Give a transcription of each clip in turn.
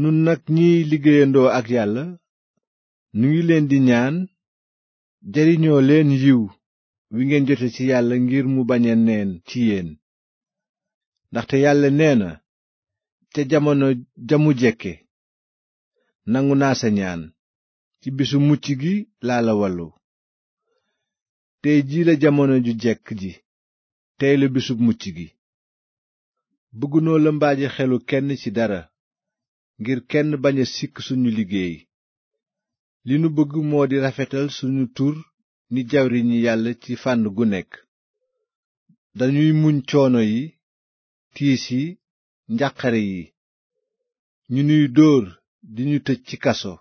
nun nag ñiy liggéeyandoo ak yàlla ñu ngi leen di ñaan jariñoo leen yiw wi ngeen jote ci yàlla ngir mu bañ a neen ci yéen ndaxte yàlla nee na ca jamono jamu jekke nangu naa sa ñaan ci bisu mucc gi laa la wallu tey jii la jamono ju jekk ji tey la bisu mucc gi bëggunoo la lëmbaaje xelu kenn ci dara ngir kenn bañ a sikk suñu liggéey li nu bëgg moo di rafetal suñu tur ni jawriñu yàlla ci fànn gu nekk dañuy muñ coono yi tiis yi njàqare yi ñu nuy dóor di ñu tëj ci kaso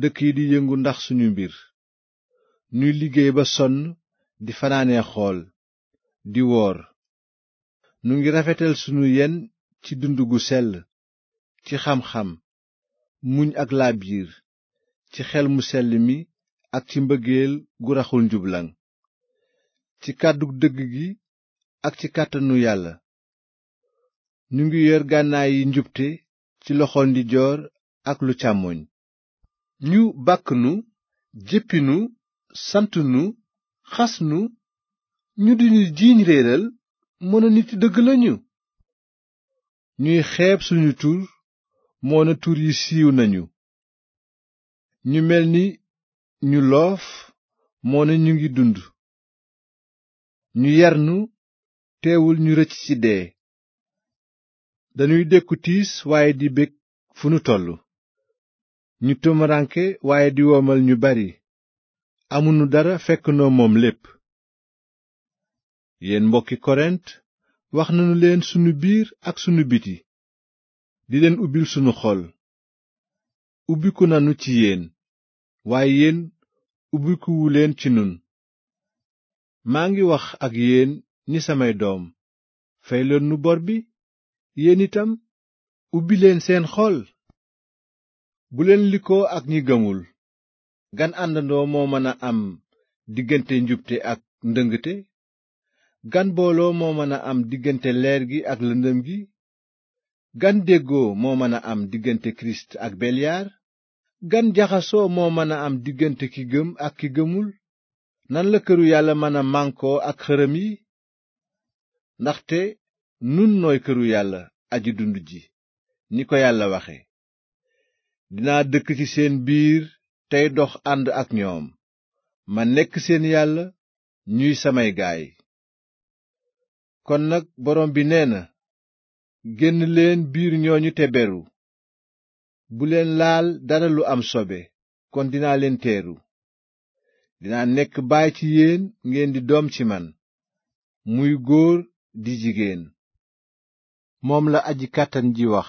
dëkk yi di yëngu ndax suñu mbir ñuy liggéey ba sonn di fanaane xool di woor nu ngi rafetal sunu yenn ci dund gu sell ci xam-xam muñ ak laabiir ci xel mu sell mi ak ci mbëggeel gu raxul njublaŋ ci kàddu dëgg gi ak ci kàttanu yàlla ñu ngi yor gànnaay yi njubte ci loxol ndijoor ak lu càmmoñ ñu bàkk nu jéppi nu sant nu xas nu ñu dinu jiiñ réeral mën a nit dëgg lañu ñuy xeeb suñu tur moona nañu ñu mel ni ñu loof moona ñu ngi dund ñu yarnu teewul ñu rëcc ci dee dañuy dékku tiis waaye di bég fu nu toll ñu tumaranke waaye di womal ñu bari amunu dara fekk noo moom lépp yéen mbokki korent wax nanu leen sunu biir ak sunu biti di leen ubbil sunu xol ubbiku nanu ci yéen waaye yéen ubbikuwuleen ci nun maa ngi wax ak yéen ni samay doom fay leen nu bor bi yéen itam ubbileen seen xol buleen likoo ak ñi gëmul gan àndandoo moo mën a am diggante njubte ak ndëngte gan booloo moo mën a am diggante leer gi ak lëndëm gi gan déggoo moo mën a am diggante kirist ak beliar gan jaxasoo moo mën a am diggante ki gëm ak ki gëmul nan la këru yàlla mën a mànkoo ak xërëm yi ndaxte nun nooy këru yàlla aji dund ji ni ko yàlla waxe dinaa dëkk ci seen biir tey dox ànd ak ñoom ma nekk seen yàlla ñuy samay gaay kon nag borom bi nee na génn leen biir ñooñu te beru bu leen laal dara lu am sobe kon dinaa leen teeru dinaa nekk baay ci yéen ngeen di doom ci man muy góor di jigéen moom la aji kàttan ji wax